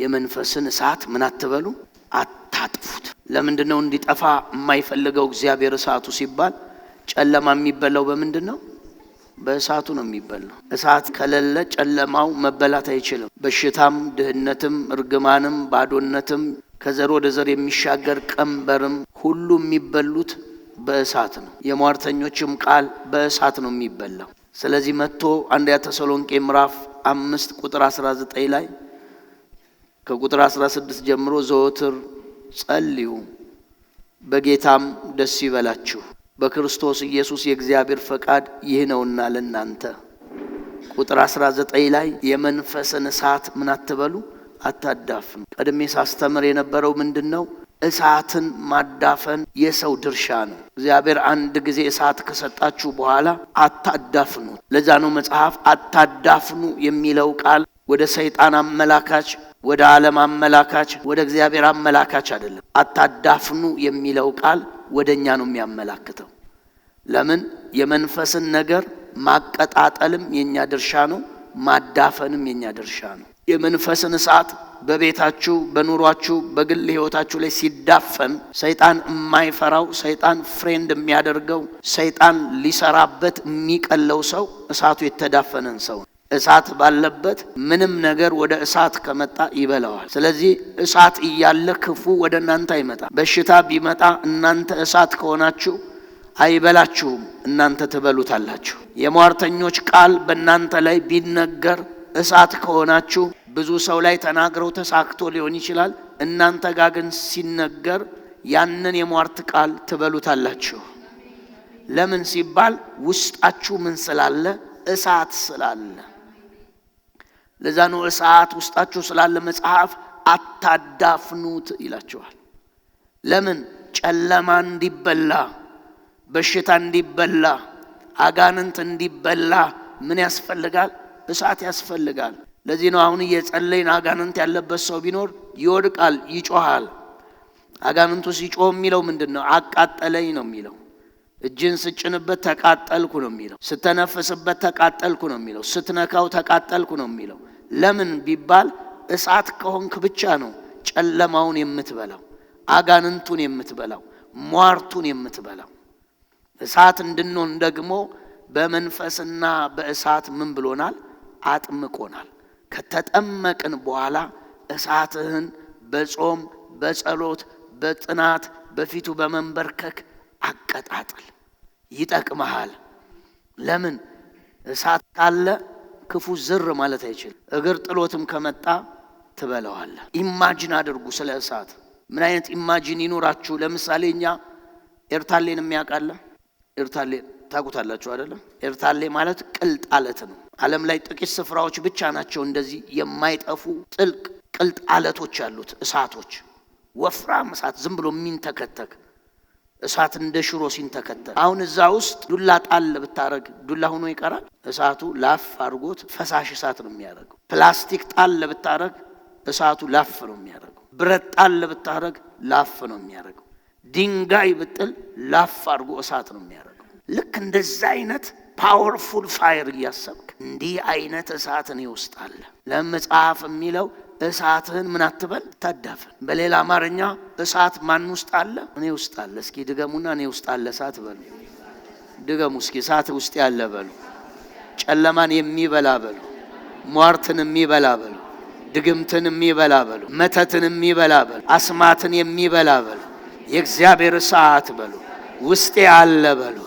የመንፈስን እሳት ምን አትበሉ አታጥፉት። ለምንድ ነው እንዲጠፋ የማይፈልገው እግዚአብሔር እሳቱ ሲባል ጨለማ የሚበላው በምንድን ነው? በእሳቱ ነው የሚበላው። እሳት ከሌለ ጨለማው መበላት አይችልም። በሽታም፣ ድህነትም፣ እርግማንም፣ ባዶነትም ከዘር ወደ ዘር የሚሻገር ቀንበርም ሁሉ የሚበሉት በእሳት ነው። የሟርተኞችም ቃል በእሳት ነው የሚበላው። ስለዚህ መጥቶ አንደኛ ተሰሎንቄ ምዕራፍ አምስት ቁጥር 19 ላይ ከቁጥር 16 ጀምሮ ዘወትር ጸልዩ፣ በጌታም ደስ ይበላችሁ፣ በክርስቶስ ኢየሱስ የእግዚአብሔር ፈቃድ ይህ ነውና ለእናንተ። ቁጥር 19 ላይ የመንፈስን እሳት ምን አትበሉ፣ አታዳፍኑ። ቀድሜ ሳስተምር የነበረው ምንድን ነው? እሳትን ማዳፈን የሰው ድርሻ ነው። እግዚአብሔር አንድ ጊዜ እሳት ከሰጣችሁ በኋላ አታዳፍኑት። ለዛ ነው መጽሐፍ አታዳፍኑ የሚለው ቃል ወደ ሰይጣን አመላካች፣ ወደ ዓለም አመላካች፣ ወደ እግዚአብሔር አመላካች አይደለም። አታዳፍኑ የሚለው ቃል ወደ እኛ ነው የሚያመላክተው። ለምን የመንፈስን ነገር ማቀጣጠልም የእኛ ድርሻ ነው፣ ማዳፈንም የእኛ ድርሻ ነው። የመንፈስን እሳት በቤታችሁ በኑሯችሁ በግል ህይወታችሁ ላይ ሲዳፈን ሰይጣን የማይፈራው ሰይጣን ፍሬንድ የሚያደርገው ሰይጣን ሊሰራበት የሚቀለው ሰው እሳቱ የተዳፈነን ሰው እሳት ባለበት ምንም ነገር ወደ እሳት ከመጣ ይበላዋል። ስለዚህ እሳት እያለ ክፉ ወደ እናንተ አይመጣም። በሽታ ቢመጣ እናንተ እሳት ከሆናችሁ አይበላችሁም፣ እናንተ ትበሉታላችሁ። የሟርተኞች ቃል በእናንተ ላይ ቢነገር እሳት ከሆናችሁ ብዙ ሰው ላይ ተናግረው ተሳክቶ ሊሆን ይችላል። እናንተ ጋር ግን ሲነገር ያንን የሟርት ቃል ትበሉታላችሁ። ለምን ሲባል ውስጣችሁ ምን ስላለ? እሳት ስላለ። ለዛ ነው እሳት ውስጣችሁ ስላለ መጽሐፍ አታዳፍኑት ይላችኋል። ለምን ጨለማ እንዲበላ፣ በሽታ እንዲበላ፣ አጋንንት እንዲበላ ምን ያስፈልጋል? እሳት ያስፈልጋል። ለዚህ ነው አሁን እየጸለይን አጋንንት ያለበት ሰው ቢኖር ይወድቃል፣ ይጮሃል። አጋንንቱ ሲጮህ የሚለው ምንድን ነው? አቃጠለኝ ነው የሚለው። እጅን ስጭንበት ተቃጠልኩ ነው የሚለው። ስተነፍስበት ተቃጠልኩ ነው የሚለው። ስትነካው ተቃጠልኩ ነው የሚለው። ለምን ቢባል እሳት ከሆንክ ብቻ ነው ጨለማውን የምትበላው፣ አጋንንቱን የምትበላው፣ ሟርቱን የምትበላው። እሳት እንድንሆን ደግሞ በመንፈስና በእሳት ምን ብሎናል? አጥምቆናል። ከተጠመቅን በኋላ እሳትህን በጾም በጸሎት በጥናት በፊቱ በመንበርከክ አቀጣጥል። ይጠቅመሃል። ለምን እሳት ካለ ክፉ ዝር ማለት አይችልም። እግር ጥሎትም ከመጣ ትበለዋለ ኢማጂን አድርጉ ስለ እሳት ምን አይነት ኢማጂን ይኖራችሁ? ለምሳሌ እኛ ኤርታሌን የሚያውቃለ ኤርታሌን ታውቁታላችሁ አይደለም? ኤርታሌ ማለት ቅልጥ አለት ነው። ዓለም ላይ ጥቂት ስፍራዎች ብቻ ናቸው እንደዚህ የማይጠፉ ጥልቅ ቅልጥ አለቶች ያሉት እሳቶች፣ ወፍራም እሳት ዝም ብሎ የሚንተከተክ እሳት እንደ ሽሮ ሲንተከተል። አሁን እዛ ውስጥ ዱላ ጣል ብታረግ ዱላ ሆኖ ይቀራል። እሳቱ ላፍ አድርጎት ፈሳሽ እሳት ነው የሚያደርገው። ፕላስቲክ ጣል ብታረግ እሳቱ ላፍ ነው የሚያደርገው። ብረት ጣል ብታረግ ላፍ ነው የሚያደርገው። ድንጋይ ብጥል ላፍ አድርጎ እሳት ነው የሚያደርገው። ልክ እንደዚህ አይነት ፓወርፉል ፋይር እያሰብክ እንዲህ አይነት እሳትን ይውስጣል። ለመጽሐፍ የሚለው እሳትህን ምን አትበል ታዳፍን። በሌላ አማርኛ እሳት ማን ውስጥ አለ? እኔ ውስጥ አለ። እስኪ ድገሙና እኔ ውስጥ አለ እሳት በሉ። ድገሙ እስኪ እሳት ውስጥ ያለ በሉ። ጨለማን የሚበላ በሉ። ሟርትን የሚበላ በሉ። ድግምትን የሚበላ በሉ። መተትን የሚበላ በሉ። አስማትን የሚበላ በሉ። የእግዚአብሔር እሳት በሉ ውስጤ አለ በሉ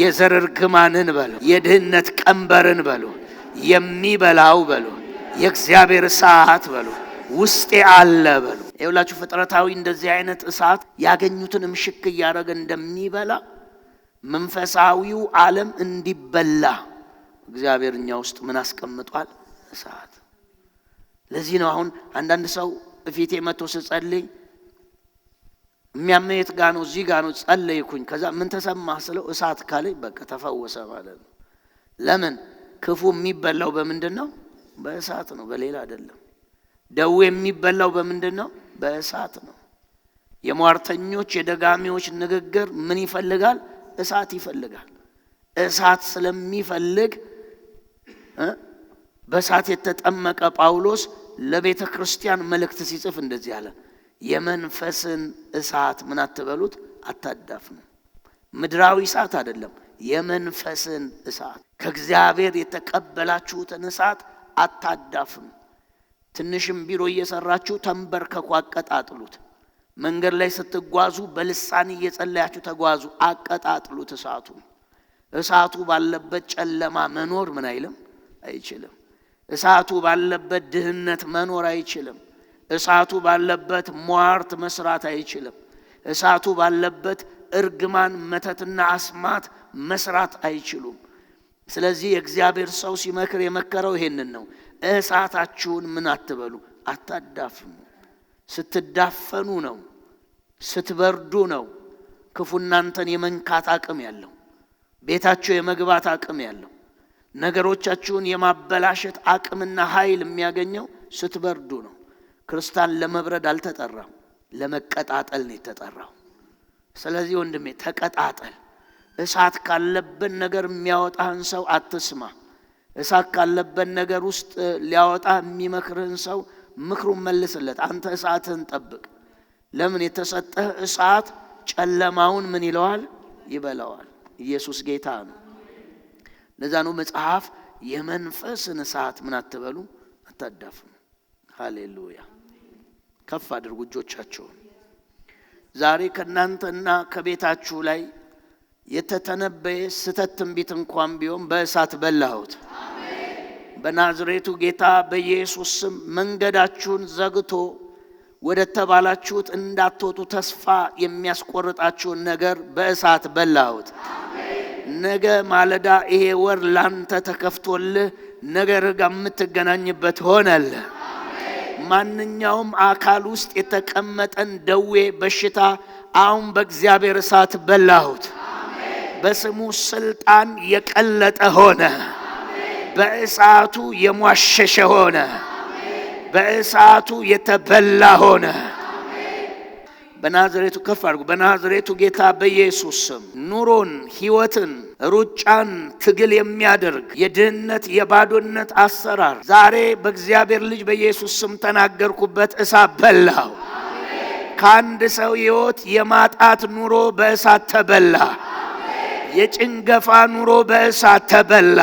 የዘር እርግማንን በሉ፣ የድህነት ቀንበርን በሉ፣ የሚበላው በሉ፣ የእግዚአብሔር እሳት በሉ፣ ውስጤ አለ በሉ። የሁላችሁ ፍጥረታዊ እንደዚህ አይነት እሳት ያገኙትን ምሽክ እያደረገ እንደሚበላ መንፈሳዊው ዓለም እንዲበላ እግዚአብሔር እኛ ውስጥ ምን አስቀምጧል? እሳት። ለዚህ ነው አሁን አንዳንድ ሰው እፊቴ መጥቶ ስጸልይ የሚያመኝ የት ጋ ነው? እዚህ ጋ ነው ጸለይኩኝ። ከዛ ምን ተሰማህ ስለው እሳት ካለኝ በቃ ተፈወሰ ማለት ነው። ለምን ክፉ የሚበላው በምንድን ነው? በእሳት ነው፣ በሌላ አይደለም። ደዌ የሚበላው በምንድን ነው? በእሳት ነው። የሟርተኞች የደጋሚዎች ንግግር ምን ይፈልጋል? እሳት ይፈልጋል። እሳት ስለሚፈልግ በእሳት የተጠመቀ ጳውሎስ ለቤተ ክርስቲያን መልእክት ሲጽፍ እንደዚህ አለ። የመንፈስን እሳት ምን አትበሉት፣ አታዳፍኑ። ምድራዊ እሳት አይደለም፣ የመንፈስን እሳት ከእግዚአብሔር የተቀበላችሁትን እሳት አታዳፍኑ። ትንሽም ቢሮ እየሰራችሁ ተንበርከኩ፣ አቀጣጥሉት። መንገድ ላይ ስትጓዙ በልሳን እየጸለያችሁ ተጓዙ፣ አቀጣጥሉት እሳቱ። እሳቱ ባለበት ጨለማ መኖር ምን አይልም አይችልም። እሳቱ ባለበት ድህነት መኖር አይችልም። እሳቱ ባለበት ሟርት መስራት አይችልም። እሳቱ ባለበት እርግማን መተትና አስማት መስራት አይችሉም። ስለዚህ የእግዚአብሔር ሰው ሲመክር የመከረው ይሄንን ነው። እሳታችሁን ምን አትበሉ፣ አታዳፍኑ። ስትዳፈኑ ነው፣ ስትበርዱ ነው ክፉ እናንተን የመንካት አቅም ያለው፣ ቤታችሁ የመግባት አቅም ያለው፣ ነገሮቻችሁን የማበላሸት አቅምና ኃይል የሚያገኘው ስትበርዱ ነው። ክርስቲያን ለመብረድ አልተጠራም፣ ለመቀጣጠል ነው የተጠራው። ስለዚህ ወንድሜ ተቀጣጠል። እሳት ካለበት ነገር የሚያወጣህን ሰው አትስማ። እሳት ካለበት ነገር ውስጥ ሊያወጣ የሚመክርህን ሰው ምክሩን መልስለት። አንተ እሳትህን ጠብቅ። ለምን የተሰጠህ እሳት ጨለማውን ምን ይለዋል? ይበላዋል። ኢየሱስ ጌታ ነው። ለዛ ነው መጽሐፍ የመንፈስን እሳት ምን አትበሉ አታዳፍኑ። ሃሌሉያ ከፍ አድርጉ እጆቻችሁን። ዛሬ ከእናንተና ከቤታችሁ ላይ የተተነበየ ስህተት ትንቢት እንኳን ቢሆን በእሳት በላሁት። በናዝሬቱ ጌታ በኢየሱስ ስም መንገዳችሁን ዘግቶ ወደ ተባላችሁት እንዳትወጡ ተስፋ የሚያስቆርጣችሁን ነገር በእሳት በላሁት። ነገ ማለዳ ይሄ ወር ላንተ ተከፍቶልህ ነገርህ ጋር የምትገናኝበት ሆነልህ። ማንኛውም አካል ውስጥ የተቀመጠን ደዌ በሽታ አሁን በእግዚአብሔር እሳት በላሁት። በስሙ ስልጣን የቀለጠ ሆነ። በእሳቱ የሟሸሸ ሆነ። በእሳቱ የተበላ ሆነ። በናዝሬቱ ከፍ አድርጉ። በናዝሬቱ ጌታ በኢየሱስ ስም ኑሮን፣ ህይወትን፣ ሩጫን ትግል የሚያደርግ የድህነት የባዶነት አሰራር ዛሬ በእግዚአብሔር ልጅ በኢየሱስ ስም ተናገርኩበት፣ እሳት በላው። ከአንድ ሰው ህይወት የማጣት ኑሮ በእሳት ተበላ። የጭንገፋ ኑሮ በእሳት ተበላ።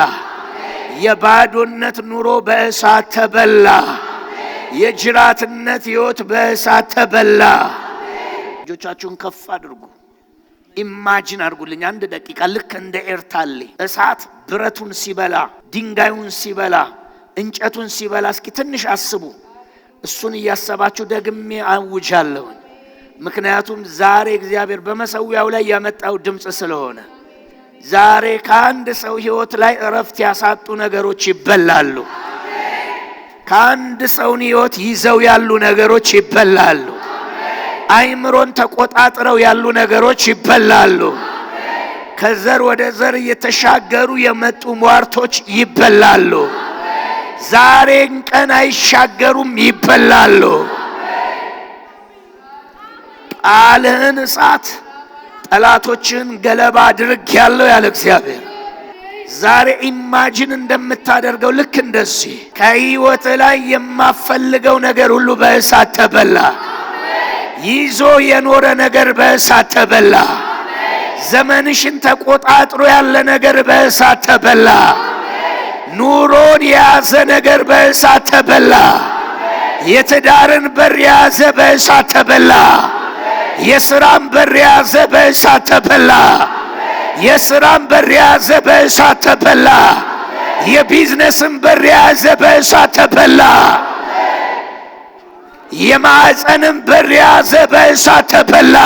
የባዶነት ኑሮ በእሳት ተበላ። የጅራትነት ህይወት በእሳት ተበላ። እጆቻችሁን ከፍ አድርጉ። ኢማጂን አድርጉልኝ አንድ ደቂቃ ልክ እንደ ኤርታሌ እሳት ብረቱን ሲበላ፣ ድንጋዩን ሲበላ፣ እንጨቱን ሲበላ፣ እስኪ ትንሽ አስቡ። እሱን እያሰባችሁ ደግሜ አውጃለሁ። ምክንያቱም ዛሬ እግዚአብሔር በመሰዊያው ላይ ያመጣው ድምፅ ስለሆነ ዛሬ ከአንድ ሰው ሕይወት ላይ እረፍት ያሳጡ ነገሮች ይበላሉ። ከአንድ ሰውን ሕይወት ይዘው ያሉ ነገሮች ይበላሉ። አይምሮን ተቆጣጥረው ያሉ ነገሮች ይበላሉ። ከዘር ወደ ዘር እየተሻገሩ የመጡ ሟርቶች ይበላሉ። ዛሬን ቀን አይሻገሩም፣ ይበላሉ። ቃልህን እሳት ጠላቶችን ገለባ አድርግ ያለው ያለ እግዚአብሔር ዛሬ ኢማጂን እንደምታደርገው ልክ እንደዚህ ከህይወት ላይ የማፈልገው ነገር ሁሉ በእሳት ተበላ። ይዞ የኖረ ነገር በእሳት ተበላ። ዘመንሽን ተቆጣጥሮ ያለ ነገር በእሳት ተበላ። ኑሮን የያዘ ነገር በእሳት ተበላ። የትዳርን በር የያዘ በእሳት ተበላ። የስራን በር የያዘ በእሳት ተበላ። የስራን በር የያዘ በእሳት ተበላ። የቢዝነስን በር የያዘ በእሳት ተበላ። የማዕፀንም በር የያዘ በእሳት ተበላ።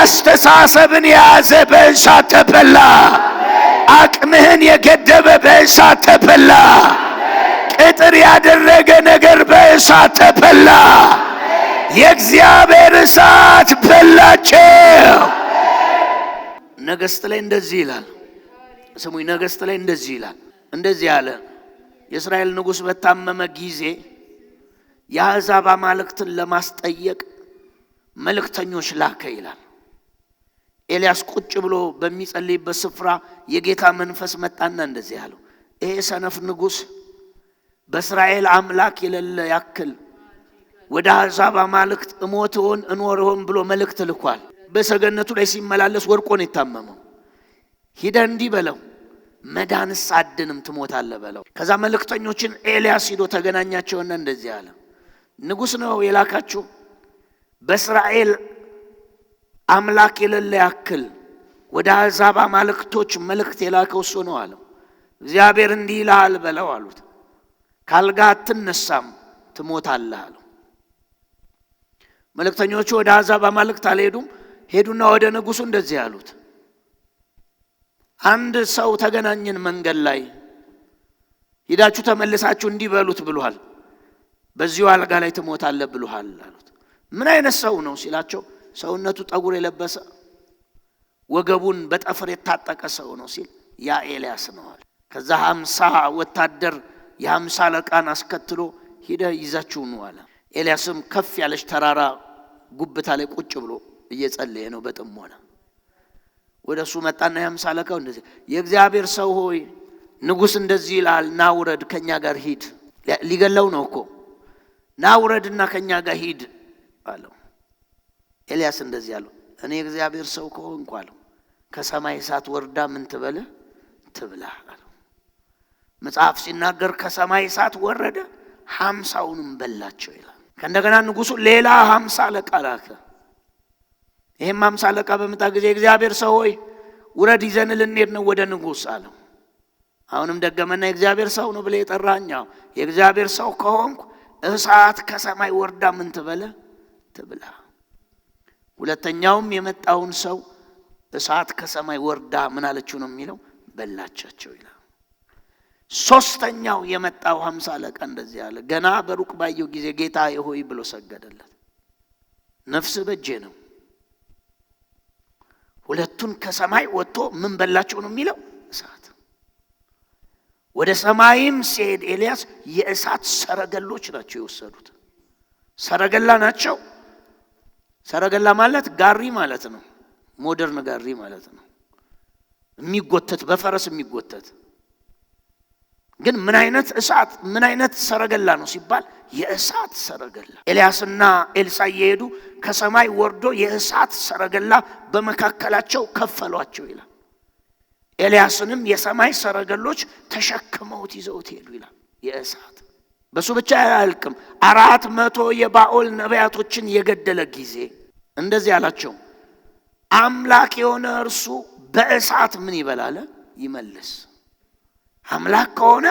አስተሳሰብን የያዘ በእሳት ተበላ። አቅምህን የገደበ በእሳት ተበላ። ቅጥር ያደረገ ነገር በእሳት ተበላ። የእግዚአብሔር እሳት በላቸው። ነገሥት ላይ እንደዚህ ይላል። ስሙኝ፣ ነገሥት ላይ እንደዚህ ይላል። እንደዚህ አለ የእስራኤል ንጉሥ በታመመ ጊዜ የአሕዛብ አማልክትን ለማስጠየቅ መልእክተኞች ላከ ይላል። ኤልያስ ቁጭ ብሎ በሚጸልይበት ስፍራ የጌታ መንፈስ መጣና እንደዚህ አለው፣ ይሄ ሰነፍ ንጉሥ በእስራኤል አምላክ የሌለ ያክል ወደ አሕዛብ አማልክት እሞት ሆን እኖር ሆን ብሎ መልእክት ልኳል። በሰገነቱ ላይ ሲመላለስ ወርቆን የታመመው። ሂደ እንዲህ በለው መዳንስ አድንም ትሞታለ በለው። ከዛ መልእክተኞችን ኤልያስ ሂዶ ተገናኛቸውና እንደዚህ አለ ንጉሥ ነው የላካችሁ በእስራኤል አምላክ የሌለ ያክል ወደ አሕዛብ አማልክቶች መልእክት የላከው እሱ ነው አለው። እግዚአብሔር እንዲህ ይልሃል በለው አሉት። ካልጋ አትነሳም ትሞታለህ አለው። መልእክተኞቹ ወደ አሕዛብ አማልክት አልሄዱም። ሄዱና ወደ ንጉሱ እንደዚህ አሉት። አንድ ሰው ተገናኘን መንገድ ላይ ሂዳችሁ ተመልሳችሁ እንዲህ በሉት ብሏል። በዚሁ አልጋ ላይ ትሞታለህ ብሉሃል አሉት። ምን አይነት ሰው ነው ሲላቸው ሰውነቱ ጠጉር የለበሰ ወገቡን በጠፍር የታጠቀ ሰው ነው ሲል ያ ኤልያስ ነው አለ። ከዛ ሀምሳ ወታደር የሀምሳ አለቃን አስከትሎ ሂደ ይዛችሁ ኑ አለ። ኤልያስም ከፍ ያለች ተራራ ጉብታ ላይ ቁጭ ብሎ እየጸለየ ነው በጥሞና ወደ እሱ መጣና የሀምሳ አለቃው እንደዚ የእግዚአብሔር ሰው ሆይ ንጉሥ እንደዚህ ይላል ናውረድ ከእኛ ጋር ሂድ። ሊገለው ነው እኮ ና ውረድና ከእኛ ጋር ሂድ አለው። ኤልያስ እንደዚህ አለው፣ እኔ እግዚአብሔር ሰው ከሆንኩ አለው ከሰማይ እሳት ወርዳ ምን ትበለ ትብላ አለው። መጽሐፍ ሲናገር ከሰማይ እሳት ወረደ፣ ሀምሳውንም በላቸው ይላል። ከእንደገና ንጉሱ ሌላ ሀምሳ አለቃ ላከ። ይህም ሀምሳ አለቃ በመጣ ጊዜ እግዚአብሔር ሰው ሆይ ውረድ፣ ይዘን ልንሄድ ነው ወደ ንጉሥ አለው። አሁንም ደገመና የእግዚአብሔር ሰው ነው ብለ የጠራኛው የእግዚአብሔር ሰው ከሆንኩ እሳት ከሰማይ ወርዳ ምን ትበለ ትብላ። ሁለተኛውም የመጣውን ሰው እሳት ከሰማይ ወርዳ ምን አለችው ነው የሚለው በላቻቸው ይላል። ሶስተኛው የመጣው ሀምሳ አለቃ እንደዚህ አለ። ገና በሩቅ ባየው ጊዜ ጌታ የሆይ ብሎ ሰገደለት። ነፍስ በጄ ነው። ሁለቱን ከሰማይ ወጥቶ ምን በላቸው ነው የሚለው ወደ ሰማይም ሲሄድ ኤልያስ የእሳት ሰረገሎች ናቸው የወሰዱት። ሰረገላ ናቸው። ሰረገላ ማለት ጋሪ ማለት ነው። ሞደርን ጋሪ ማለት ነው። የሚጎተት በፈረስ የሚጎተት ግን ምን አይነት እሳት ምን አይነት ሰረገላ ነው ሲባል የእሳት ሰረገላ። ኤልያስና ኤልሳ እየሄዱ ከሰማይ ወርዶ የእሳት ሰረገላ በመካከላቸው ከፈሏቸው ይላል። ኤልያስንም የሰማይ ሰረገሎች ተሸክመውት ይዘውት ሄዱ ይላል። የእሳት በሱ ብቻ አያልቅም። አራት መቶ የባኦል ነቢያቶችን የገደለ ጊዜ እንደዚህ አላቸው፣ አምላክ የሆነ እርሱ በእሳት ምን ይበላል ይመልስ። አምላክ ከሆነ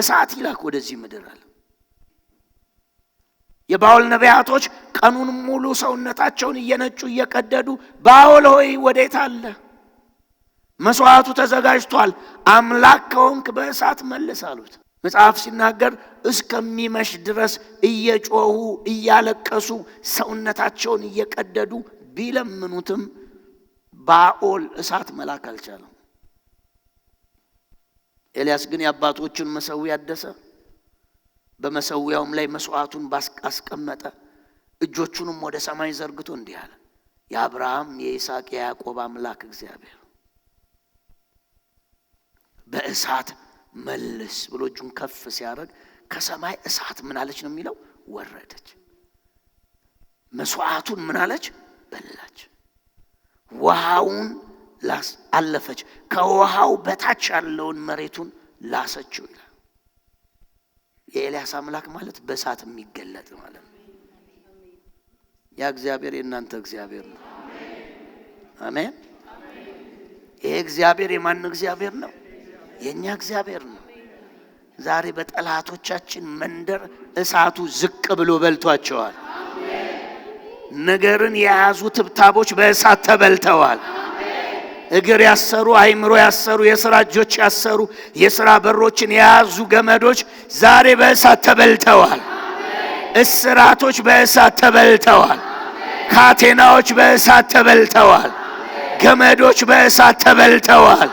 እሳት ይላክ ወደዚህ ምድር አለ። የባኦል ነቢያቶች ቀኑን ሙሉ ሰውነታቸውን እየነጩ እየቀደዱ ባኦል ሆይ ወዴት አለ መስዋዕቱ ተዘጋጅቷል፣ አምላክ ከሆንክ በእሳት መልስ አሉት። መጽሐፍ ሲናገር እስከሚመሽ ድረስ እየጮሁ እያለቀሱ ሰውነታቸውን እየቀደዱ ቢለምኑትም ባኦል እሳት መላክ አልቻለም። ኤልያስ ግን የአባቶቹን መሠዊያ አደሰ። በመሰዊያውም ላይ መስዋዕቱን አስቀመጠ። እጆቹንም ወደ ሰማይ ዘርግቶ እንዲህ አለ፣ የአብርሃም የይስሐቅ የያዕቆብ አምላክ እግዚአብሔር በእሳት መልስ ብሎ እጁን ከፍ ሲያደርግ ከሰማይ እሳት ምናለች ነው የሚለው ወረደች። መስዋዕቱን ምናለች በላች። ውሃውን አለፈች። ከውሃው በታች ያለውን መሬቱን ላሰችው ይላል። የኤልያስ አምላክ ማለት በእሳት የሚገለጥ ማለት ነው። ያ እግዚአብሔር የእናንተ እግዚአብሔር ነው። አሜን። ይሄ እግዚአብሔር የማን እግዚአብሔር ነው? የእኛ እግዚአብሔር ነው። ዛሬ በጠላቶቻችን መንደር እሳቱ ዝቅ ብሎ በልቷቸዋል። ነገርን የያዙ ትብታቦች በእሳት ተበልተዋል። እግር ያሰሩ፣ አይምሮ ያሰሩ፣ የስራ እጆች ያሰሩ፣ የስራ በሮችን የያዙ ገመዶች ዛሬ በእሳት ተበልተዋል። እስራቶች በእሳት ተበልተዋል። ካቴናዎች በእሳት ተበልተዋል። ገመዶች በእሳት ተበልተዋል።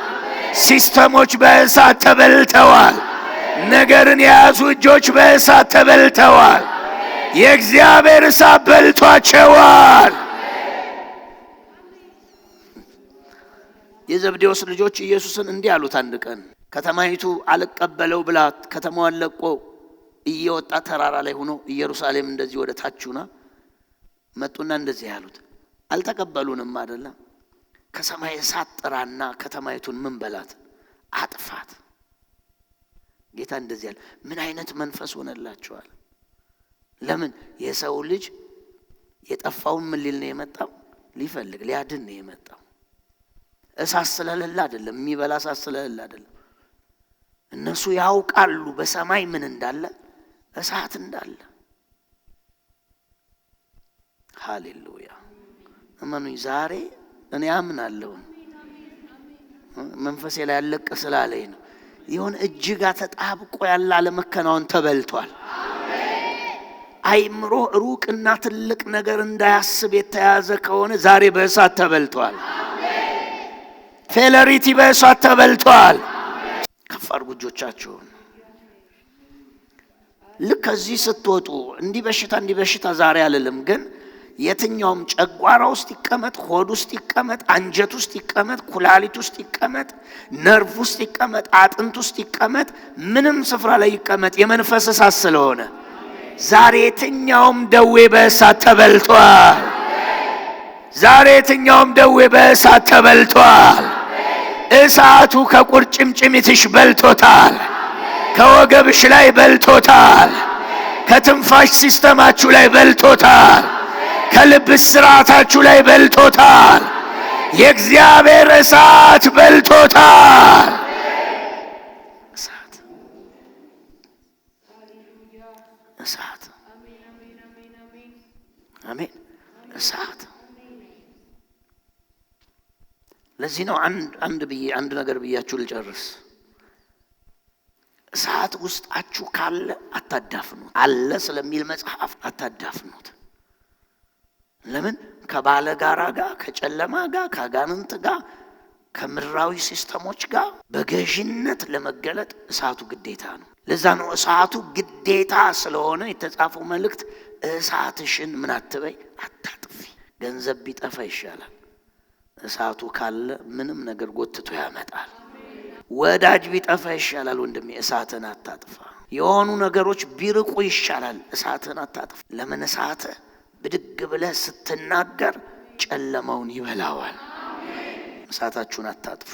ሲስተሞች በእሳት ተበልተዋል። ነገርን የያዙ እጆች በእሳት ተበልተዋል። የእግዚአብሔር እሳት በልቷቸዋል። የዘብዴዎስ ልጆች ኢየሱስን እንዲህ አሉት። አንድ ቀን ከተማይቱ አልቀበለው ብላ ከተማዋን ለቆ እየወጣ ተራራ ላይ ሆኖ ኢየሩሳሌም እንደዚህ ወደ ታች መጡና እንደዚህ ያሉት አልተቀበሉንም አይደለም ከሰማይ እሳት ጥራና ከተማይቱን ምን በላት አጥፋት። ጌታ እንደዚህ ያለ ምን አይነት መንፈስ ሆነላቸዋል? ለምን የሰው ልጅ የጠፋውን ምን ሊል ነው የመጣው? ሊፈልግ ሊያድን ነው የመጣው። እሳት ስለሌለ አይደለም፣ የሚበላ እሳት ስለሌለ አይደለም። እነሱ ያውቃሉ በሰማይ ምን እንዳለ እሳት እንዳለ። ሃሌሉያ እመኑኝ ዛሬ እኔ አምናለሁ። መንፈሴ ላይ ያለቀ ስላለኝ ነው። ይሁን እጅጋ ተጣብቆ ያለ አለመከናወን ተበልቷል። አይምሮ ሩቅና ትልቅ ነገር እንዳያስብ የተያዘ ከሆነ ዛሬ በእሳት ተበልቷል። ፌለሪቲ በእሳት ተበልቷል። ከፍ አድርጉ እጆቻችሁን። ልክ ከዚህ ስትወጡ እንዲህ በሽታ እንዲህ በሽታ ዛሬ አልልም ግን የትኛውም ጨጓራ ውስጥ ይቀመጥ፣ ሆድ ውስጥ ይቀመጥ፣ አንጀት ውስጥ ይቀመጥ፣ ኩላሊት ውስጥ ይቀመጥ፣ ነርቭ ውስጥ ይቀመጥ፣ አጥንት ውስጥ ይቀመጥ፣ ምንም ስፍራ ላይ ይቀመጥ የመንፈስ እሳት ስለሆነ ዛሬ የትኛውም ደዌ በእሳት ተበልቷል። ዛሬ የትኛውም ደዌ በእሳት ተበልቷል። እሳቱ ከቁርጭምጭሚትሽ በልቶታል። ከወገብሽ ላይ በልቶታል። ከትንፋሽ ሲስተማችሁ ላይ በልቶታል። ከልብስ ስርዓታችሁ ላይ በልቶታል። የእግዚአብሔር እሳት በልቶታል። እሳት አሜን። እሳት ለዚህ ነው አንድ አንድ ብዬ አንድ ነገር ብያችሁ ልጨርስ። እሳት ውስጣችሁ ካለ አታዳፍኑት። አለ ስለሚል መጽሐፍ አታዳፍኑት። ለምን ከባለ ጋራ ጋር ከጨለማ ጋር ከአጋንንት ጋር ከምድራዊ ሲስተሞች ጋር በገዥነት ለመገለጥ እሳቱ ግዴታ ነው። ለዛ ነው እሳቱ ግዴታ ስለሆነ የተጻፈው መልእክት እሳትሽን ምን አትበይ አታጥፊ። ገንዘብ ቢጠፋ ይሻላል፣ እሳቱ ካለ ምንም ነገር ጎትቶ ያመጣል። ወዳጅ ቢጠፋ ይሻላል፣ ወንድሜ እሳትን አታጥፋ። የሆኑ ነገሮች ቢርቁ ይሻላል፣ እሳትን አታጥፋ። ለምን እሳት ብድግ ብለህ ስትናገር ጨለማውን ይበላዋል። እሳታችሁን አታጥፉ።